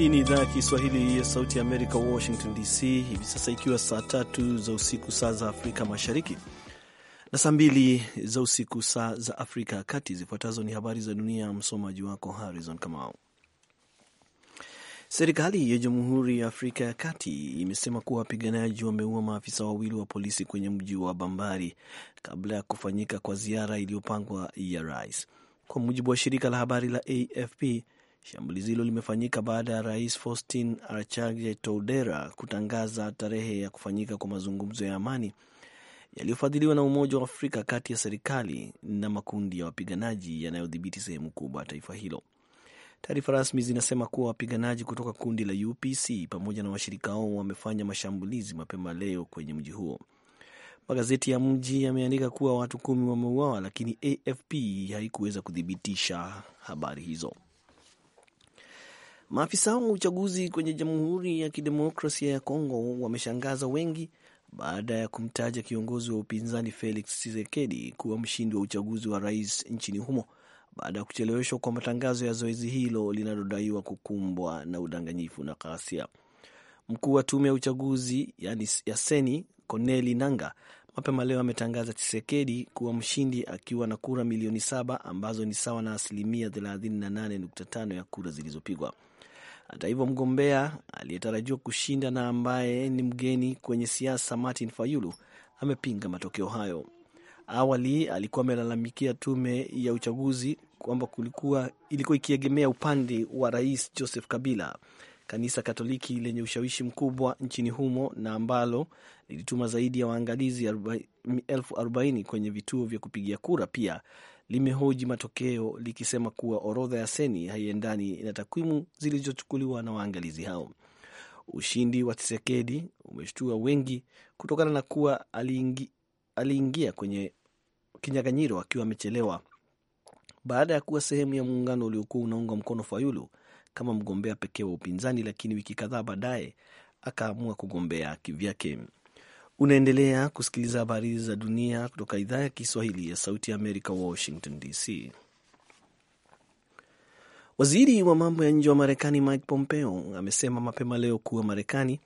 Hii ni idhaa ya Kiswahili ya Sauti ya Amerika, Washington DC, hivi sasa ikiwa saa tatu za usiku saa za Afrika Mashariki na saa mbili za usiku saa za Afrika ya Kati. Zifuatazo ni habari za dunia, msomaji wako Harrison Kamau. Serikali ya Jamhuri ya Afrika ya Kati imesema kuwa wapiganaji wameua maafisa wawili wa polisi kwenye mji wa Bambari kabla ya kufanyika kwa ziara iliyopangwa ya rais, kwa mujibu wa shirika la habari la AFP. Shambulizi hilo limefanyika baada ya rais Faustin Archange toudera kutangaza tarehe ya kufanyika kwa mazungumzo ya amani yaliyofadhiliwa na Umoja wa Afrika kati ya serikali na makundi ya wapiganaji yanayodhibiti sehemu kubwa ya taifa hilo. Taarifa rasmi zinasema kuwa wapiganaji kutoka kundi la UPC pamoja na washirika wao wamefanya mashambulizi mapema leo kwenye mji huo. Magazeti ya mji yameandika kuwa watu kumi wameuawa, lakini AFP haikuweza kuthibitisha habari hizo. Maafisa wa uchaguzi kwenye Jamhuri ya Kidemokrasia ya Kongo wameshangaza wengi baada ya kumtaja kiongozi wa upinzani Felix Tshisekedi kuwa mshindi wa uchaguzi wa rais nchini humo baada ya kucheleweshwa kwa matangazo ya zoezi hilo linalodaiwa kukumbwa na udanganyifu na ghasia. Mkuu wa tume ya uchaguzi yani ya seni Corneli Nanga mapema leo ametangaza chisekedi kuwa mshindi akiwa na kura milioni saba ambazo ni sawa na asilimia 38.5 ya kura zilizopigwa. Hata hivyo, mgombea aliyetarajiwa kushinda na ambaye ni mgeni kwenye siasa Martin Fayulu amepinga matokeo hayo. Awali alikuwa amelalamikia tume ya uchaguzi kwamba kulikuwa ilikuwa ikiegemea upande wa Rais Joseph Kabila, kanisa Katoliki lenye ushawishi mkubwa nchini humo na ambalo lilituma zaidi ya waangalizi elfu arobaini kwenye vituo vya kupigia kura, pia limehoji matokeo likisema kuwa orodha ya Seni haiendani na takwimu zilizochukuliwa na waangalizi hao. Ushindi wa Tshisekedi umeshtua wengi kutokana na kuwa aliingi, aliingia kwenye kinyang'anyiro akiwa amechelewa baada ya kuwa sehemu ya muungano uliokuwa unaunga mkono Fayulu kama mgombea pekee wa upinzani, lakini wiki kadhaa baadaye akaamua kugombea kivyake. Unaendelea kusikiliza habari za dunia kutoka idhaa ya Kiswahili ya Sauti ya Amerika, Washington DC. Waziri wa mambo ya nje wa Marekani Mike Pompeo amesema mapema leo kuwa Marekani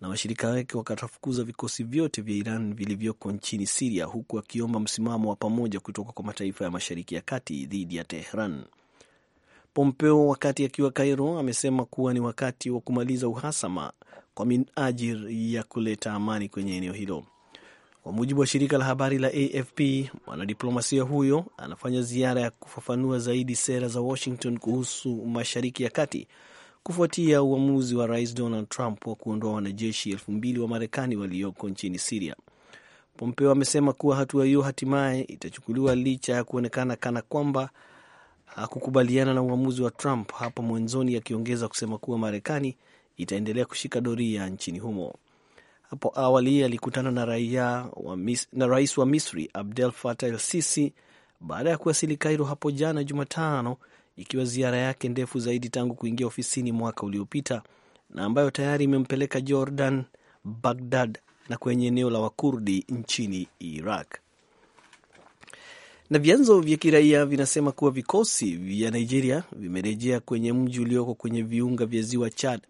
na washirika wake wakatafukuza vikosi vyote vya Iran vilivyoko nchini Siria, huku akiomba msimamo wa pamoja kutoka kwa mataifa ya Mashariki ya Kati dhidi ya Tehran. Pompeo wakati akiwa Cairo amesema kuwa ni wakati wa kumaliza uhasama kwa minajili ya kuleta amani kwenye eneo hilo. Kwa mujibu wa shirika la habari la AFP, mwanadiplomasia huyo anafanya ziara ya kufafanua zaidi sera za Washington kuhusu Mashariki ya Kati kufuatia uamuzi wa Rais Donald Trump wa kuondoa wanajeshi elfu mbili wa Marekani walioko nchini Siria. Pompeo amesema kuwa hatua hiyo hatimaye itachukuliwa licha ya kuonekana kana kwamba hakukubaliana na uamuzi wa Trump hapo mwanzoni, akiongeza kusema kuwa Marekani itaendelea kushika doria nchini humo. Hapo awali alikutana na, raia wa Mis na rais wa Misri Abdel Fattah El Sisi baada ya kuwasili Kairo hapo jana Jumatano, ikiwa ziara yake ndefu zaidi tangu kuingia ofisini mwaka uliopita na ambayo tayari imempeleka Jordan, Bagdad na kwenye eneo la Wakurdi nchini Iraq. Na vyanzo vya kiraia vinasema kuwa vikosi vya Nigeria vimerejea kwenye mji ulioko kwenye viunga vya ziwa Chad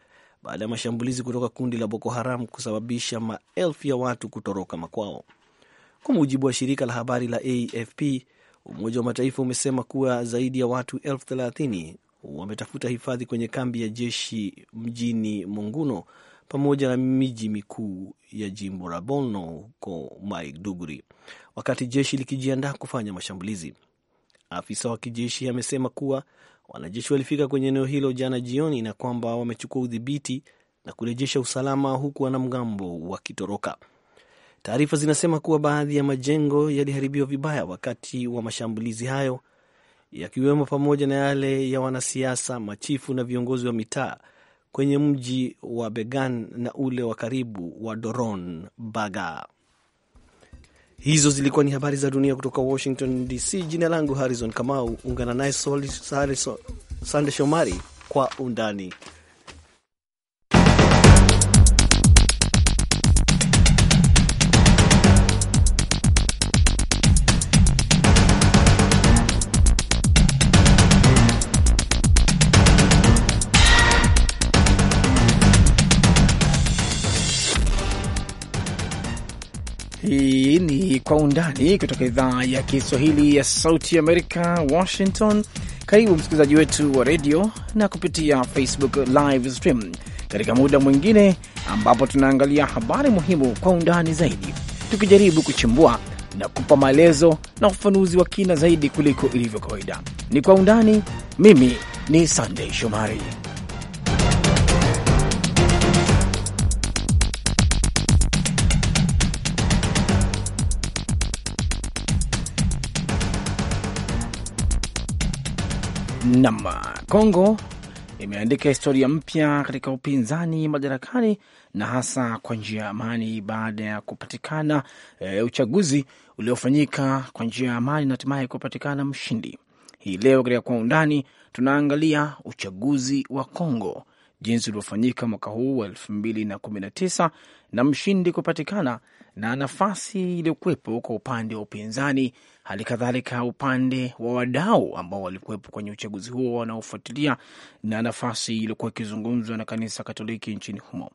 baada ya mashambulizi kutoka kundi la Boko Haram kusababisha maelfu ya watu kutoroka makwao. Kwa mujibu wa shirika la habari la AFP, Umoja wa Mataifa umesema kuwa zaidi ya watu elfu thelathini wametafuta hifadhi kwenye kambi ya jeshi mjini Monguno pamoja na miji mikuu ya jimbo la Borno huko Maiduguri, wakati jeshi likijiandaa kufanya mashambulizi. Afisa wa kijeshi amesema kuwa Wanajeshi walifika kwenye eneo hilo jana jioni na kwamba wamechukua udhibiti na kurejesha usalama huku wanamgambo wakitoroka. Taarifa zinasema kuwa baadhi ya majengo yaliharibiwa vibaya wakati wa mashambulizi hayo, yakiwemo pamoja na yale ya wanasiasa, machifu na viongozi wa mitaa kwenye mji wa Began na ule wa karibu wa Doron Baga. Hizo zilikuwa ni habari za dunia kutoka Washington DC. Jina langu Harrison Kamau, ungana naye Sande Shomari kwa undani. Kwa Undani kutoka idhaa ya Kiswahili ya Sauti Amerika, Washington. Karibu msikilizaji wetu wa redio na kupitia Facebook live stream katika muda mwingine ambapo tunaangalia habari muhimu kwa undani zaidi, tukijaribu kuchimbua na kupa maelezo na ufafanuzi wa kina zaidi kuliko ilivyo kawaida. Ni Kwa Undani. Mimi ni Sandei Shomari. Nam, Kongo imeandika historia mpya katika upinzani madarakani na hasa kwa njia ya amani baada ya kupatikana e, uchaguzi uliofanyika kwa njia ya amani na hatimaye kupatikana mshindi. Hii leo katika Kwa Undani tunaangalia uchaguzi wa Kongo jinsi uliofanyika mwaka huu wa elfu mbili na kumi na tisa na mshindi kupatikana na nafasi iliyokuwepo kwa upande wa upinzani hali kadhalika upande wa wadau ambao walikuwepo kwenye uchaguzi huo wanaofuatilia, na nafasi iliyokuwa ikizungumzwa na kanisa Katoliki nchini humo.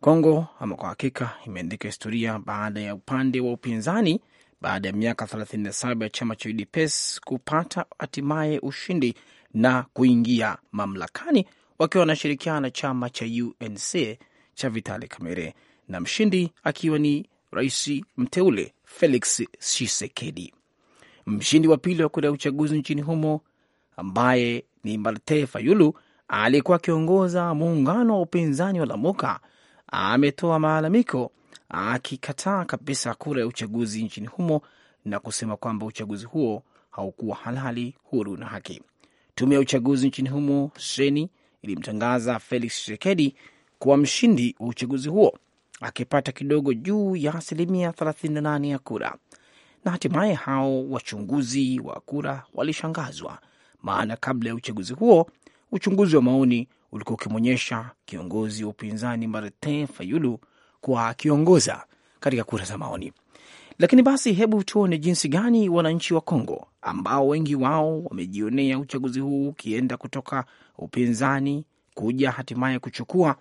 Kongo ama kwa hakika imeandika historia baada ya upande wa upinzani baada ya miaka 37 ya chama cha UDPS kupata hatimaye ushindi na kuingia mamlakani wakiwa wanashirikiana na chama cha UNC cha Vitali Kamere na mshindi akiwa ni rais mteule Felix Tshisekedi. Mshindi wa pili wa kura ya uchaguzi nchini humo ambaye ni marte Fayulu aliyekuwa akiongoza muungano wa upinzani wa Lamuka ametoa malalamiko akikataa kabisa kura ya uchaguzi nchini humo na kusema kwamba uchaguzi huo haukuwa halali, huru na haki. Tume ya uchaguzi nchini humo Seni ilimtangaza Felix Tshisekedi kuwa mshindi wa uchaguzi huo akipata kidogo juu ya asilimia 38 ya kura na hatimaye hao wachunguzi wa kura walishangazwa, maana kabla ya uchaguzi huo uchunguzi wa maoni ulikuwa ukimwonyesha kiongozi wa upinzani Martin Fayulu kuwa akiongoza katika kura za maoni. Lakini basi, hebu tuone jinsi gani wananchi wa Kongo ambao wengi wao wamejionea uchaguzi huu ukienda kutoka upinzani kuja hatimaye kuchukua,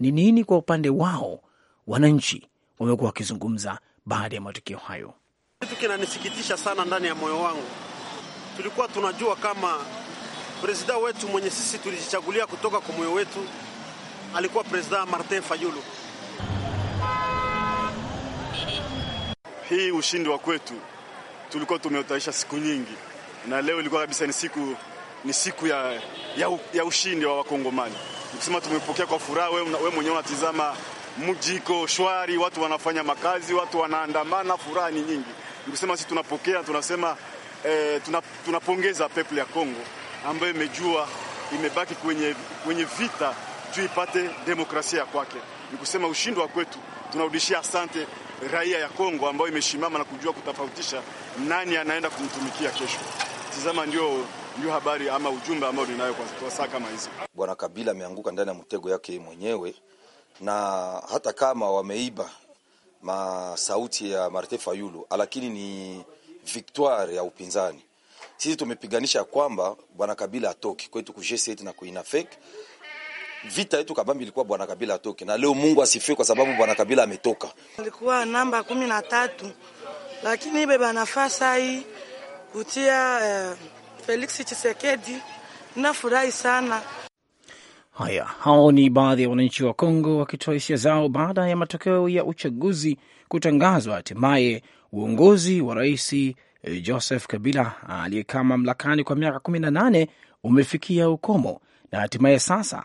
ni nini kwa upande wao wananchi wamekuwa wakizungumza baada ya matokeo hayo. Kitu kinanisikitisha sana ndani ya moyo wangu, tulikuwa tunajua kama prezida wetu mwenye sisi tulijichagulia kutoka kwa moyo wetu alikuwa prezida Martin Fayulu. Hii ushindi wa kwetu tulikuwa tumeutaisha siku nyingi, na leo ilikuwa kabisa ni siku ni siku ya, ya, ya ushindi wa Wakongomani. Nikusema tumepokea kwa furaha. Wewe mwenyewe unatizama mji iko shwari, watu wanafanya makazi, watu wanaandamana, furaha ni nyingi ni kusema sisi tunapokea, tunasema eh, tunapongeza peple ya Kongo ambayo imejua imebaki kwenye, kwenye vita juu ipate demokrasia ya kwake. Ni kusema ushindi wa kwetu tunarudishia asante raia ya Kongo ambayo imeshimama na kujua kutofautisha nani anaenda kumtumikia kesho. Tizama, ndio ndio habari ama ujumbe ambao ninayo kwa saa kama hizi. Bwana Kabila ameanguka ndani ya mtego yake mwenyewe, na hata kama wameiba ma sauti ya Martin Fayulu, lakini ni victoire ya upinzani. Sisi tumepiganisha kwamba bwana Kabila atoke kwetu ku G7 na ku INAFEC. Vita yetu kabambi ilikuwa bwana Kabila atoke, na leo Mungu asifiwe kwa sababu bwana Kabila ametoka. Alikuwa namba kumi na tatu, lakini ibe banafasa hii kutia eh, Felix Tshisekedi, nafurahi sana Haya, hao ni baadhi ya wananchi wa Kongo wakitoa hisia zao baada ya matokeo ya uchaguzi kutangazwa. Hatimaye uongozi wa rais eh, Joseph Kabila aliyekaa mamlakani kwa miaka kumi na nane umefikia ukomo na hatimaye sasa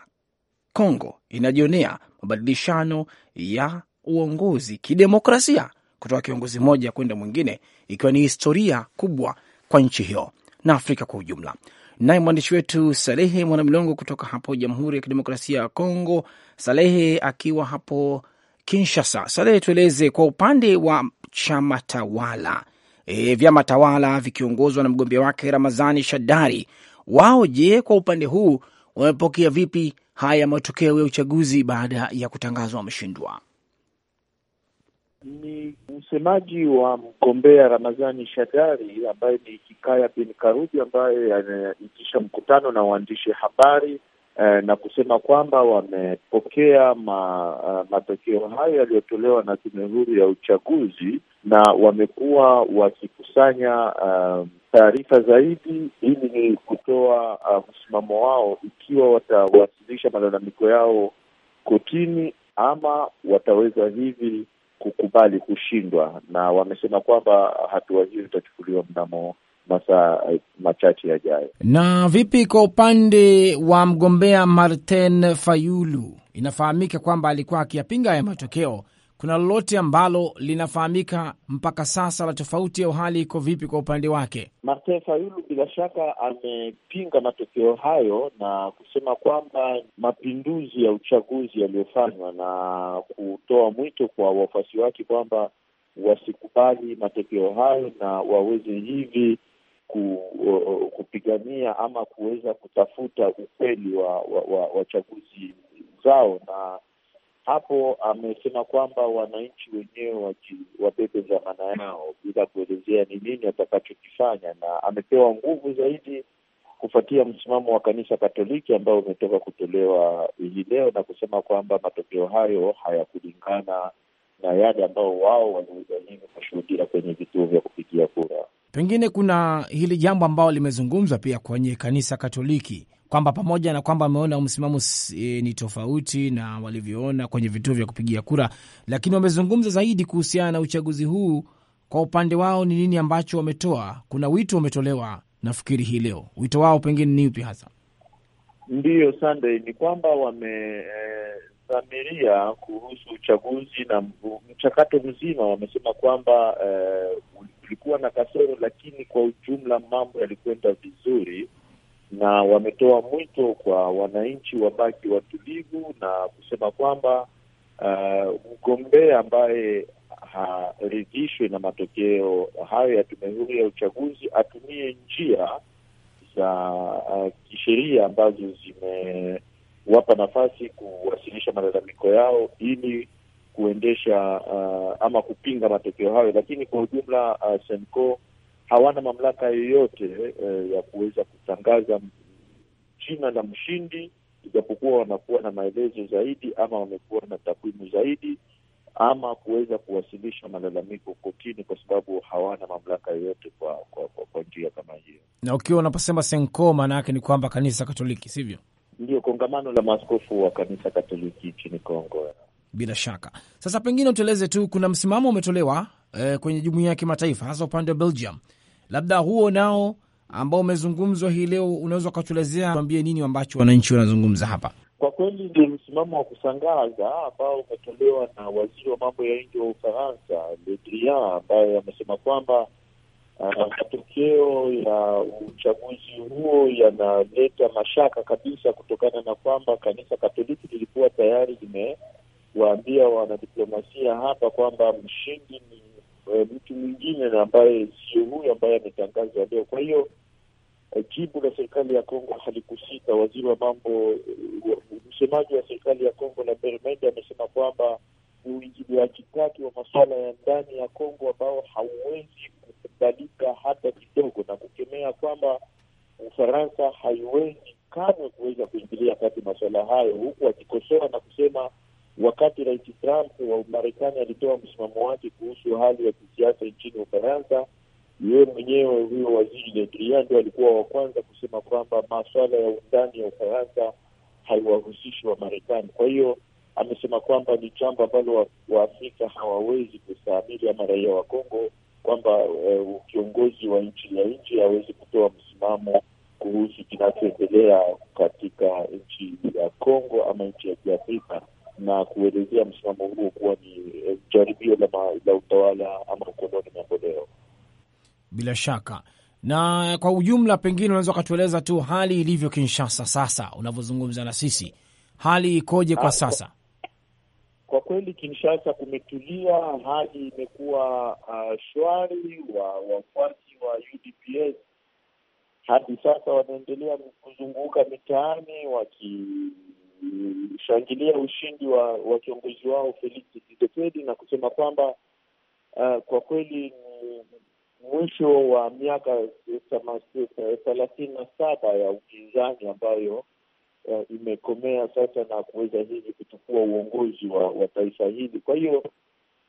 Kongo inajionea mabadilishano ya uongozi kidemokrasia kutoka kiongozi mmoja kwenda mwingine, ikiwa ni historia kubwa kwa nchi hiyo na Afrika kwa ujumla naye mwandishi wetu Salehe Mwanamlongo kutoka hapo Jamhuri ya Kidemokrasia ya Kongo. Salehe akiwa hapo Kinshasa. Salehe, tueleze kwa upande wa chama tawala e, vyama tawala vikiongozwa na mgombea wake Ramazani Shadari, wao je, kwa upande huu wamepokea vipi haya matokeo ya uchaguzi baada ya kutangazwa wameshindwa? ni msemaji wa mgombea Ramadhani Shadari ambaye ni Hikaya bin Karubi ambaye anaitisha mkutano na waandishi habari eh, na kusema kwamba wamepokea ma, uh, matokeo hayo yaliyotolewa na tume huru ya uchaguzi na wamekuwa wakikusanya uh, taarifa zaidi ili kutoa uh, msimamo wao ikiwa watawasilisha malalamiko yao kotini ama wataweza hivi kukubali kushindwa, na wamesema kwamba hatua hiyo itachukuliwa mnamo masaa machache yajayo. Na vipi kwa upande wa mgombea Martin Fayulu? Inafahamika kwamba alikuwa akiyapinga haya matokeo kuna lolote ambalo linafahamika mpaka sasa la tofauti au hali iko vipi kwa upande wake? Martin Fayulu bila shaka amepinga matokeo hayo na kusema kwamba mapinduzi ya uchaguzi yaliyofanywa na kutoa mwito kwa wafuasi wake kwamba wasikubali matokeo hayo na waweze hivi ku, uh, kupigania ama kuweza kutafuta ukweli wa, wachaguzi wa, wa zao na hapo amesema kwamba wananchi wenyewe wabebe dhamana yao bila kuelezea ni nini watakachokifanya, na amepewa nguvu zaidi kufuatia msimamo wa kanisa Katoliki ambao umetoka kutolewa hii leo na kusema kwamba matokeo hayo hayakulingana na yale ambao wao waliweza hivi kushuhudia kwenye vituo vya kupigia kura. Pengine kuna hili jambo ambalo limezungumzwa pia kwenye kanisa Katoliki kwamba pamoja na kwamba wameona msimamo e, ni tofauti na walivyoona kwenye vituo vya kupigia kura, lakini wamezungumza zaidi kuhusiana na uchaguzi huu. Kwa upande wao ni nini ambacho wametoa? Kuna wito umetolewa, nafikiri hii leo. Wito wao pengine ni upi hasa? Ndiyo, Sunday, ni kwamba wamedhamiria eh, kuhusu uchaguzi na mchakato mzima. Wamesema kwamba eh, ulikuwa na kasoro, lakini kwa ujumla mambo yalikwenda vizuri na wametoa mwito kwa wananchi wabaki watulivu na kusema kwamba uh, mgombea ambaye haridhishwe na matokeo hayo ya tume huru ya uchaguzi atumie njia za uh, kisheria ambazo zimewapa nafasi kuwasilisha malalamiko yao ili kuendesha uh, ama kupinga matokeo hayo. Lakini kwa ujumla uh, Senko hawana mamlaka yoyote eh, ya kuweza kutangaza jina la mshindi, ijapokuwa wanakuwa na maelezo zaidi ama wamekuwa na takwimu zaidi ama kuweza kuwasilisha malalamiko kotini, kwa sababu hawana mamlaka yoyote kwa kwa, kwa, kwa njia kama hiyo. Na ukiwa unaposema senko, maana yake ni kwamba kanisa Katoliki, sivyo? Ndiyo, kongamano la maaskofu wa kanisa Katoliki nchini Kongo. Bila shaka, sasa pengine utueleze tu, kuna msimamo umetolewa eh, kwenye jumuia ya kimataifa, hasa upande wa Belgium Labda huo nao ambao umezungumzwa hii leo, unaweza ukatuelezea, tuambie nini ambacho wananchi wanazungumza hapa? Kwa kweli ni msimamo wa kushangaza ambao umetolewa na waziri wa mambo ya nje wa Ufaransa Le Drian, ambaye amesema kwamba ah, matokeo uh, ya uchaguzi huo yanaleta mashaka kabisa, kutokana na kwamba kanisa Katoliki lilikuwa tayari limewaambia wanadiplomasia hapa kwamba mshindi ni Eh, mtu mwingine na ambaye sio huyu ambaye ametangazwa leo. Kwa hiyo eh, jibu la serikali ya Kongo halikusita. Waziri wa mambo, eh, msemaji wa serikali ya Kongo na Mende amesema kwamba ni uingiliaji kati wa masuala ya ndani ya Kongo ambao hauwezi kukubalika hata kidogo, na kukemea kwamba Ufaransa haiwezi kamwe kuweza kuingilia kati masuala hayo, huku akikosoa na kusema wakati Rais Trump wa Marekani alitoa msimamo wake kuhusu hali ya kisiasa nchini Ufaransa, yeye mwenyewe huyo waziri Le Drian alikuwa wa kwanza kusema kwamba maswala ya undani ya Ufaransa haiwahusishi wa Marekani. Kwa hiyo amesema kwamba ni jambo ambalo Waafrika wa hawawezi kustahimili ama raia wa Kongo kwamba eh, kiongozi wa nchi ya nje hawezi kutoa msimamo kuhusu kinachoendelea katika nchi ya Kongo ama nchi ya Kiafrika na kuelezea msimamo huo kuwa ni eh, jaribio la, la utawala ama ukoloni mamboleo. Bila shaka na kwa ujumla, pengine unaweza ukatueleza tu hali ilivyo Kinshasa sasa unavyozungumza na sisi, hali ikoje kwa ah, sasa? Kwa kweli Kinshasa kumetulia, hali imekuwa uh, shwari. Wafuasi wa, wa UDPS hadi sasa wanaendelea kuzunguka mitaani waki kushangilia ushindi wa, wa kiongozi wao Felix Tshisekedi na kusema kwamba uh, kwa kweli ni mwisho wa miaka thelathini na saba ya upinzani ambayo uh, imekomea sasa na kuweza hivi kuchukua uongozi wa, wa taifa hili. Kwa hiyo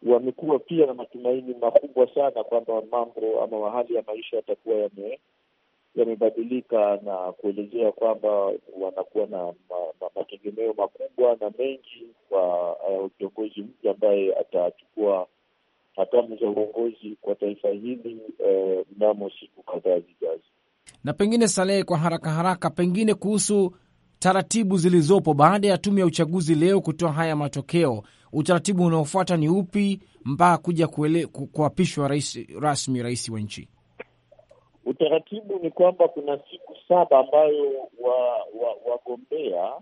wamekuwa pia na matumaini makubwa sana kwamba mambo ama hali ya maisha yatakuwa yame yamebadilika na kuelezea kwamba wanakuwa na mategemeo makubwa na mengi kwa eh, kiongozi uh, mpya ambaye atachukua hatamu za uongozi kwa taifa hili uh, mnamo siku kadhaa zijazo. Na pengine Salehe, kwa haraka haraka, pengine kuhusu taratibu zilizopo baada ya tume ya uchaguzi leo kutoa haya matokeo, utaratibu unaofuata ni upi mpaka kuja kuapishwa rais rasmi rais wa nchi? Utaratibu ni kwamba kuna siku saba ambayo wagombea wa,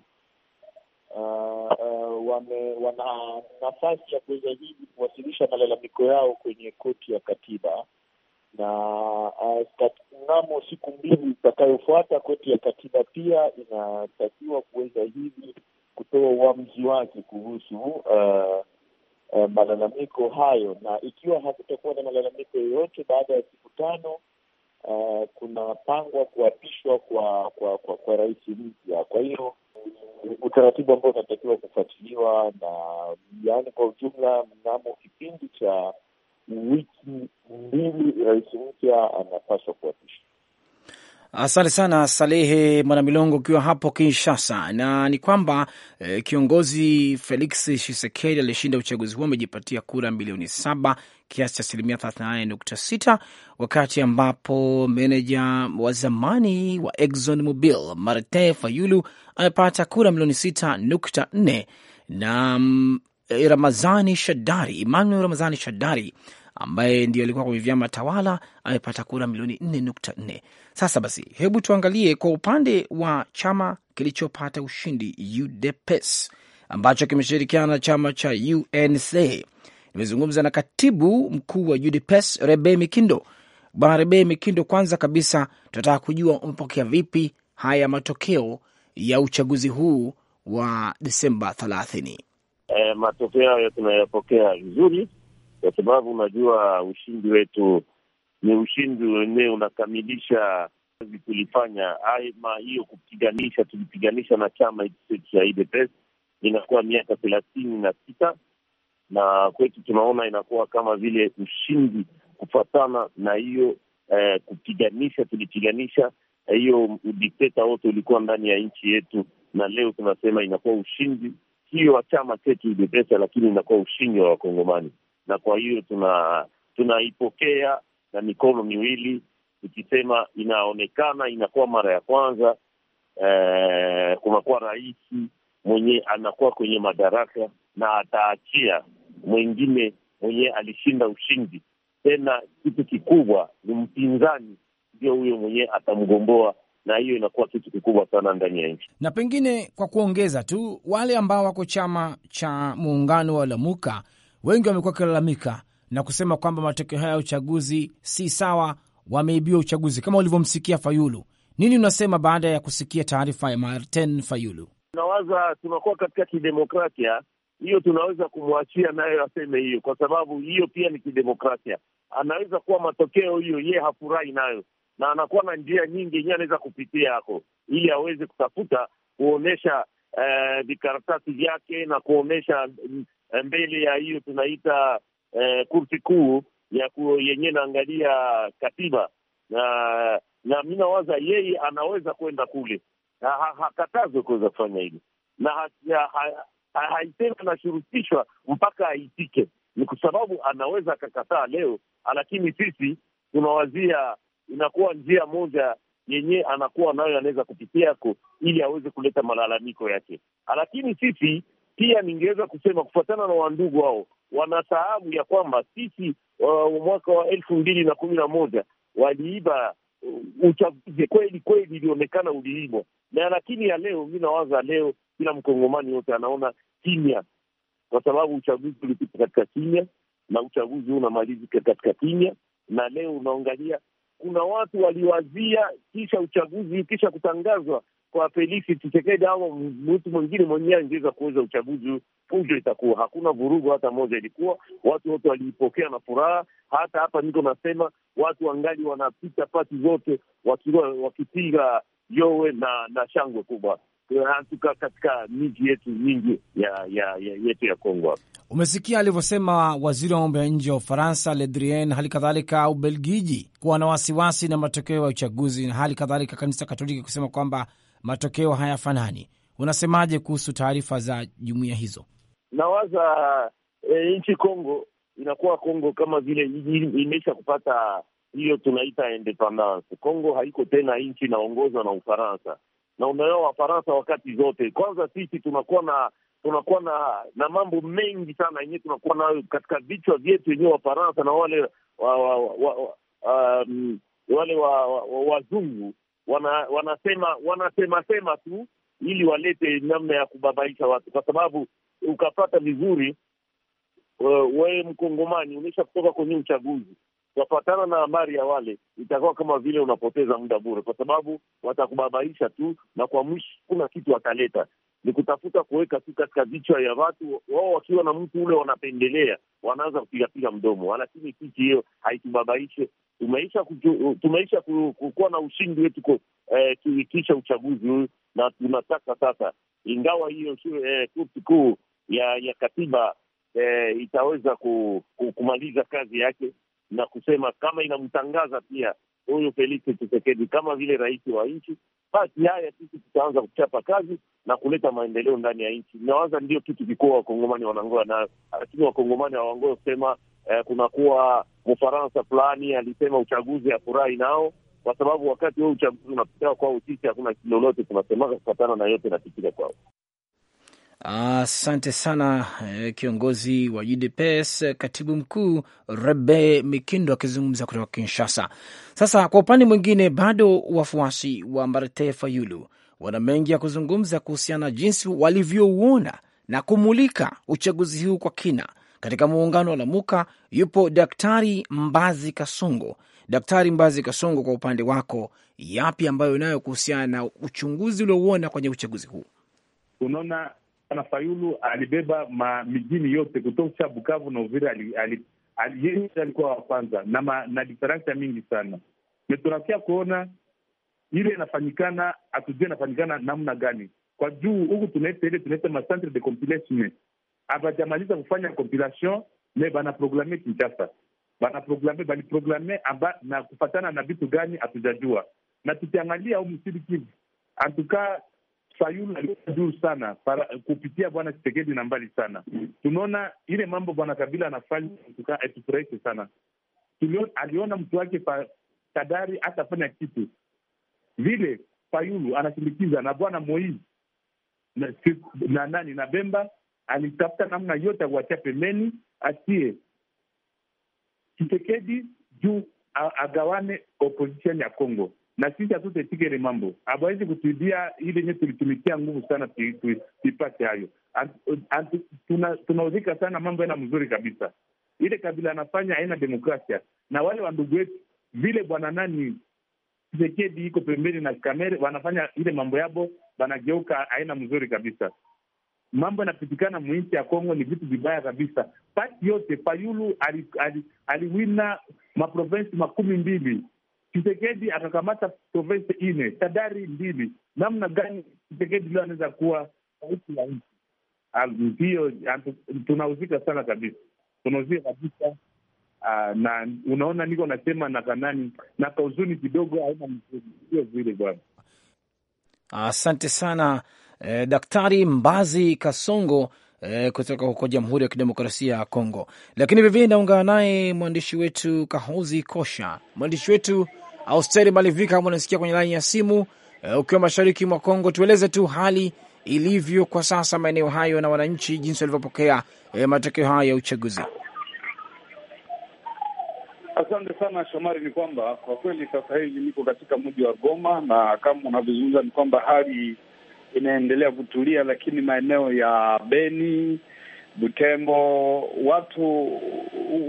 wa uh, uh, wame, wana nafasi ya kuweza hivi kuwasilisha malalamiko yao kwenye koti ya katiba na uh, mnamo uh, siku mbili itakayofuata, koti ya katiba pia inatakiwa kuweza hivi kutoa uamuzi wake kuhusu uh, uh, malalamiko hayo, na ikiwa hakutakuwa na malalamiko yoyote baada ya siku tano uh, kunapangwa kuapishwa kwa kwa, kwa, kwa rais mpya. Kwa hiyo utaratibu ambao unatakiwa kufuatiliwa na yaani, kwa ujumla, mnamo kipindi cha wiki mbili rais mpya anapaswa kuapishwa. Asante sana Salehe Mwanamilongo, ukiwa hapo Kinshasa. Na ni kwamba e, kiongozi Felix Tshisekedi alishinda uchaguzi huo, amejipatia kura milioni saba, kiasi cha asilimia 38.6, wakati ambapo meneja wa zamani wa Exxon Mobil Martin Fayulu amepata kura milioni 6.4 na mm, eh, Ramazani Shadari, Emmanuel Ramazani Shadari ambaye ndio alikuwa kwenye vyama tawala amepata kura milioni 4.4. Sasa basi, hebu tuangalie kwa upande wa chama kilichopata ushindi UDPS ambacho kimeshirikiana na chama cha UNC. Nimezungumza na katibu mkuu wa UDPS Rebe Mikindo. Bwana Rebe Mikindo, kwanza kabisa tunataka kujua umepokea vipi haya matokeo ya uchaguzi huu wa Desemba thelathini? E, matokeo hayo tunayapokea vizuri kwa sababu unajua ushindi wetu ni ushindi wenyewe unakamilisha kazi tulifanya, ama hiyo kupiganisha, tulipiganisha na chama chetu cha UDPS inakuwa miaka thelathini na sita na kwetu tunaona inakuwa kama vile ushindi kufatana na hiyo eh, kupiganisha, tulipiganisha hiyo udikteta wote ulikuwa ndani ya nchi yetu, na leo tunasema inakuwa ushindi hiyo wa chama chetu UDPS, lakini inakuwa ushindi wa Wakongomani na kwa hiyo tuna tunaipokea na mikono miwili tukisema, inaonekana inakuwa mara ya kwanza eh, kunakuwa rais mwenye anakuwa kwenye madaraka na ataachia mwingine mwenye alishinda ushindi. Tena kitu kikubwa ni mpinzani ndio huyo mwenye atamgomboa, na hiyo inakuwa kitu kikubwa sana ndani ya nchi. Na pengine kwa kuongeza tu, wale ambao wako chama cha muungano wa Lamuka wengi wamekuwa wakilalamika na kusema kwamba matokeo haya ya uchaguzi si sawa, wameibiwa uchaguzi, kama ulivyomsikia Fayulu. Nini unasema baada ya kusikia taarifa ya Martin Fayulu? nawaza tunakuwa katika kidemokrasia hiyo, tunaweza kumwachia nayo aseme hiyo, kwa sababu hiyo pia ni kidemokrasia. Anaweza kuwa matokeo hiyo ye hafurahi nayo, na anakuwa na njia nyingi yenyewe anaweza kupitia hako ili aweze kutafuta kuonyesha eh, vikaratasi uh, vyake na kuonyesha Eh, mbele ya hiyo tunaita eh, kurti kuu ya yenyewe naangalia katiba na na mi nawaza yeye anaweza kwenda kule, hakatazwe ha, kuweza kufanya hili na ha, ha, ha, anashurutishwa mpaka aitike. Ni kwa sababu anaweza akakataa leo, lakini sisi tunawazia inakuwa njia moja yenye anakuwa nayo anaweza kupitia ko ili aweze kuleta malalamiko yake, lakini sisi pia ningeweza kusema kufuatana na wandugu hao, wanasahabu ya kwamba sisi uh, mwaka wa elfu mbili na kumi na moja waliiba uh, uchaguzi kweli kweli, ilionekana uliibwa na, lakini ya leo, mi nawaza leo kila mkongomani yote anaona kimya, kwa sababu uchaguzi ulipita katika kimya na uchaguzi huu unamalizika katika kimya. Na leo unaangalia kuna watu waliwazia kisha uchaguzi kisha kutangazwa kwa Felisi Tshisekedi au mtu mwingine mwenyewe angeweza kuweza uchaguzi fujo, itakuwa hakuna vurugu hata moja. Ilikuwa watu wote waliipokea na furaha. Hata hapa niko nasema watu wangali wanapita pati zote wakipiga yowe na na shangwe kubwa eh, hatuka katika miji yetu mingi ya, ya, ya yetu ya Kongo. Umesikia alivyosema waziri wa mambo ya nje wa Ufaransa Ledrien, hali kadhalika Ubelgiji kuwa na wasiwasi na matokeo ya uchaguzi, na hali kadhalika kanisa Katoliki kusema kwamba matokeo hayafanani. Unasemaje kuhusu taarifa za jumuiya hizo? Nawaza e, nchi Kongo inakuwa Kongo kama vile imesha kupata hiyo tunaita independence. Kongo haiko tena nchi inaongozwa na Ufaransa na unaoa Wafaransa wakati zote. Kwanza sisi tunakuwa na tunakuwa na na mambo mengi sana yenyewe tunakuwa nayo katika vichwa vyetu wenyewe Wafaransa na wale wa, wa, wa, wa, um, wale wazungu wa, wa wana, wanasema wanasema sema tu ili walete namna ya kubabaisha watu, kwa sababu ukapata vizuri wewe Mkongomani unaisha kutoka kwenye uchaguzi ukafatana na habari ya wale, itakuwa kama vile unapoteza muda bure, kwa sababu watakubabaisha tu, na kwa mwishi kuna kitu wataleta ni kutafuta kuweka tu katika vichwa ya watu wao, wakiwa na mtu ule wanapendelea, wanaanza kupigapiga mdomo, lakini kiti hiyo haitubabaishe tumeisha tumeisha kuwa na ushindi wetu eh, uchaguzi huyu, na tunataka sasa, ingawa hiyo eh, kurti kuu ya ya katiba eh, itaweza ku, ku, kumaliza kazi yake na kusema kama inamtangaza pia huyu Felix chisekedi kama vile rais wa nchi, basi haya sisi tutaanza kuchapa kazi na kuleta maendeleo ndani ya nchi. inawaza ndio kitu kikuu wakongomani wanangoa nayo, lakini wakongomani hawangoe kusema eh, kunakuwa Mfaransa fulani alisema uchaguzi hafurahi nao, kwa sababu wakati huo uchaguzi unapitia kwao, sisi hakuna lolote tunasemaka kufatana na yote inapitika kwao. Asante sana eh, kiongozi wa UDPS katibu mkuu Rebe Mikindo akizungumza kutoka Kinshasa. Sasa kwa upande mwingine, bado wafuasi wa marte Fayulu wana mengi ya kuzungumza kuhusiana na jinsi walivyouona na kumulika uchaguzi huu kwa kina, katika muungano wa Lamuka yupo Daktari Mbazi Kasongo. Daktari Mbazi Kasongo, kwa upande wako, yapi ambayo inayo kuhusiana na uchunguzi uliouona kwenye uchaguzi huu? Unaona, Bwana Fayulu alibeba mijini yote kutoka Bukavu na Uvira, yeye alikuwa wa kwanza na, na diferansa mingi sana metunakia kuona ile inafanyikana, hatujue inafanyikana namna gani kwa juu huku tunaita ile tunaita macentre de compilation abajamaliza kufanya compilation me banaproglame Kinshasa, banaproglame baliproglame aba na kufatana na vitu gani hatujajua. Na tukiangalia msidi Kivu antuka Fayulu alikuwa juu sana para, kupitia bwana Chisekedi na mbali sana. Tunaona ile mambo bwana Kabila anafanya antuka atufurahishe sana. Tuliona aliona mtu wake kadari atafanya kitu vile. Fayulu anashindikiza na bwana Moise na, na nani na Bemba alitafuta namna yote ya kuachia pembeni, asie Chisekedi juu agawane opposition ya Congo, na sisi hatutaitikere mambo abawezi kutuidia ile yenye tulitumikia nguvu sana tuipate hayo. Tunauzika sana mambo yana mzuri kabisa, ile kabila anafanya haina demokrasia na wale wandugu wetu vile bwana nani Chisekedi iko pembeni na Kamere wanafanya ile mambo yabo, banageuka haina mzuri kabisa mambo yanapitikana mwinchi ya Kongo ni vitu vibaya kabisa. Pati yote Fayulu aliwina ali, ali maprovensi makumi mbili Chisekedi akakamata provensi ine tadari mbili. Namna gani Chisekedi leo anaweza kuwa sauti ya nchi hiyo? Tunauzika sana kabisa, tunauzika kabisa. Uh, na unaona niko nasema na kanani na kauzuni kidogo, haina sio vile bwana. Asante sana e, Daktari Mbazi Kasongo e, kutoka huko Jamhuri ya Kidemokrasia ya Kongo. Lakini vilevile naungana naye mwandishi wetu Kahozi Kosha, mwandishi wetu Austeri Malivika, kama unasikia kwenye laini ya simu e, ukiwa mashariki mwa Kongo, tueleze tu hali ilivyo kwa sasa maeneo hayo na wananchi jinsi walivyopokea e, matokeo haya ya uchaguzi. Asante sana Shomari. Ni kwamba kwa kweli sasa hivi niko katika mji wa Goma na kama unavyozungumza, ni kwamba hali inaendelea kutulia, lakini maeneo ya Beni, Butembo watu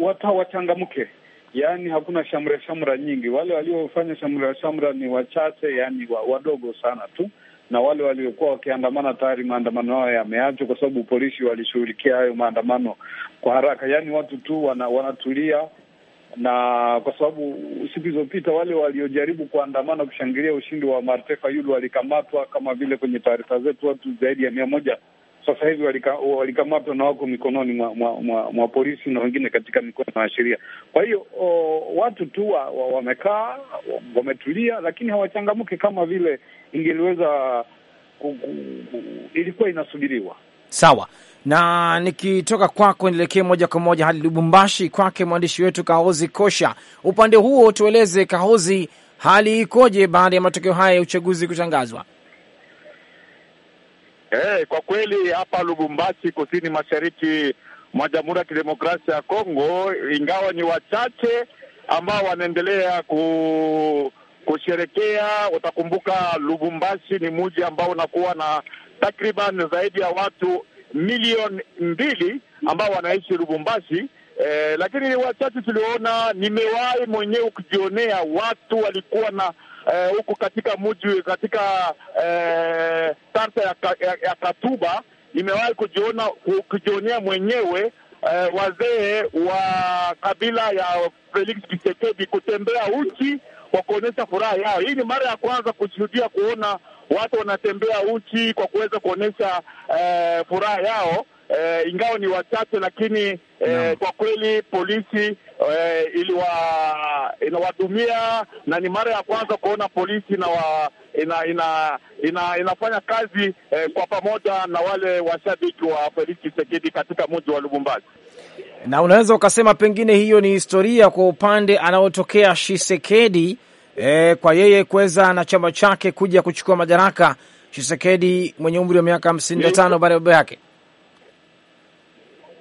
watu hawachangamke, yaani hakuna shamra shamra nyingi. Wale waliofanya shamra shamra ni wachache, yaani wadogo sana tu, na wale waliokuwa wakiandamana tayari maandamano hayo yameachwa, kwa sababu polisi walishughulikia hayo maandamano kwa haraka. Yaani watu tu wana, wanatulia na kwa sababu siku zilizopita wale waliojaribu kuandamana kushangilia ushindi wa Martin Fayulu walikamatwa, kama vile kwenye taarifa zetu, watu zaidi ya mia moja sasa hivi walikamatwa na wako mikononi mwa, mwa, mwa, mwa polisi na wengine katika mikono ya sheria. Kwa hiyo o, watu tu wamekaa wa, wametulia, lakini hawachangamke kama vile ingeliweza, ilikuwa inasubiriwa. Sawa. Na nikitoka kwako nielekee moja kwa moja hadi Lubumbashi kwake mwandishi wetu Kahozi Kosha. Upande huo tueleze Kahozi, hali ikoje baada ya matokeo haya ya uchaguzi kutangazwa? Hey, eh, kwa kweli hapa Lubumbashi, kusini mashariki mwa Jamhuri ya Kidemokrasia ya Kongo, ingawa ni wachache ambao wanaendelea ku kusherekea. Utakumbuka Lubumbashi ni mji ambao unakuwa na takriban zaidi ya watu milioni mbili ambao wanaishi Lubumbashi. Eh, lakini ni wachache tuliona. Nimewahi mwenyewe ukujionea watu walikuwa na huko eh, katika mji katika eh, tarta ya, ya, ya Katuba. Nimewahi kujiona kujionea mwenyewe eh, wazee wa kabila ya Felix Tshisekedi kutembea uchi kwa kuonyesha furaha yao. Hii ni mara ya kwanza kushuhudia kuona watu wanatembea uchi kwa kuweza kuonyesha eh, furaha yao eh, ingawa ni wachache, lakini eh, no. Kwa kweli polisi eh, iliwa inawadumia na ni mara ya kwanza kuona polisi na wa, ina, ina, ina, inafanya kazi eh, kwa pamoja na wale washabiki wa Felix Tshisekedi katika mji wa Lubumbashi na unaweza ukasema pengine hiyo ni historia kwa upande anaotokea Tshisekedi e, kwa yeye kuweza na chama chake kuja kuchukua madaraka chisekedi mwenye umri wa miaka hamsini na tano baada ya baba yake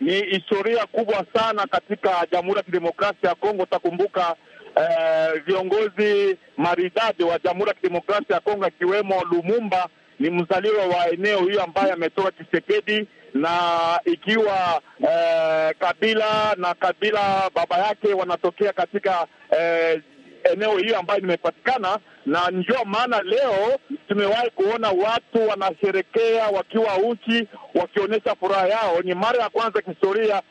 ni historia kubwa sana katika Jamhuri ya Kidemokrasia ya Kongo. Utakumbuka eh, viongozi maridadi wa Jamhuri ya Kidemokrasia ya Kongo akiwemo Lumumba ni mzaliwa wa eneo hiyo ambaye ametoka chisekedi na ikiwa eh, Kabila na Kabila baba yake wanatokea katika eh, eneo hiyo ambayo nimepatikana, na ndio maana leo tumewahi kuona watu wanasherekea wakiwa uchi, wakionyesha furaha yao. Ni mara ya kwanza kihistoria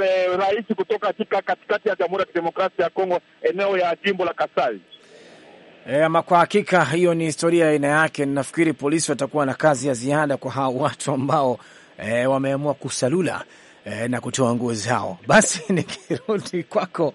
eh, rais kutoka katika katikati ya Jamhuri ya Kidemokrasia ya Kongo, eneo ya jimbo la Kasai. E, ama kwa hakika hiyo ni historia ya aina yake. Nafikiri polisi watakuwa na kazi ya ziada kwa hao watu ambao e, wameamua kusalula eh, na kutoa nguo zao. Basi nikirudi kwako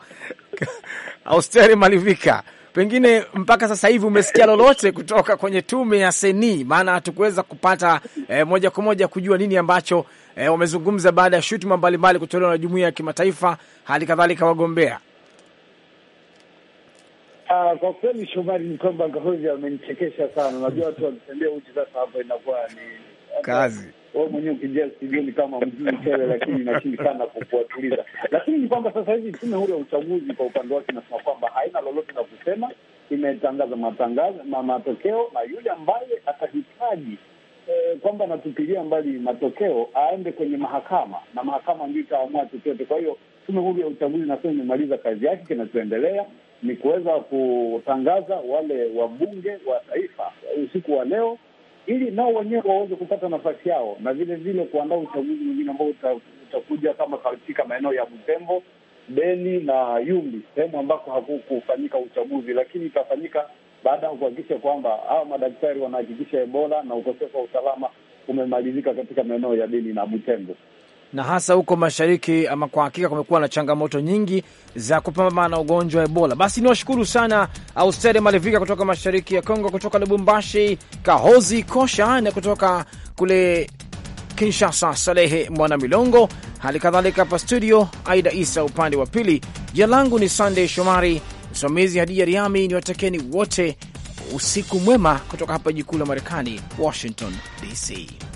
Austeri Malivika, pengine mpaka sasa hivi umesikia lolote kutoka kwenye tume ya Seni? Maana hatukuweza kupata eh, moja kwa moja kujua nini ambacho eh, wamezungumza baada ya shutuma mbalimbali kutolewa na jumuiya ya kimataifa, hali kadhalika wagombea. Uh, kwa kweli Shomari, ni kwamba ngahozi amenichekesha sana. Unajua watu wakitembea uchi, sasa hapo inakuwa ni kazi wewe mwenyewe ukijia studioni kama mjui tele, lakini inashindikana sana Lakini ni kwamba sasa hivi tume huru ya uchaguzi kwa upande wake inasema kwamba haina lolote la kusema, imetangaza matangazo na matokeo, na yule ambaye atahitaji eh, kwamba anatupilia mbali matokeo aende kwenye mahakama na mahakama ndio itaamua chochote. Kwa hiyo tume huru ya uchaguzi nasema imemaliza kazi yake, kinachoendelea ni kuweza kutangaza wale wabunge wa taifa usiku wa leo ili nao wenyewe waweze kupata nafasi yao, na vile vile kuandaa uchaguzi mwingine ambao utakuja kama katika maeneo ya Butembo, Beni na Yumbi, sehemu ambako hakukufanyika uchaguzi, lakini itafanyika baada ya kuhakikisha kwamba hawa madaktari wanahakikisha Ebola na ukosefu wa usalama umemalizika katika maeneo ya Beni na Butembo na hasa huko mashariki, ama kwa hakika kumekuwa na changamoto nyingi za kupambana na ugonjwa wa Ebola. Basi niwashukuru sana Austere Malivika kutoka mashariki ya Kongo, kutoka Lubumbashi, Kahozi Kosha na kutoka kule Kinshasa, Salehe Mwana Milongo, hali kadhalika hapa studio Aida Isa upande wa pili. Jina langu ni Sandey Shomari, msimamizi Hadija Riami. Ni watakeni wote usiku mwema kutoka hapa jikuu la Marekani, Washington DC.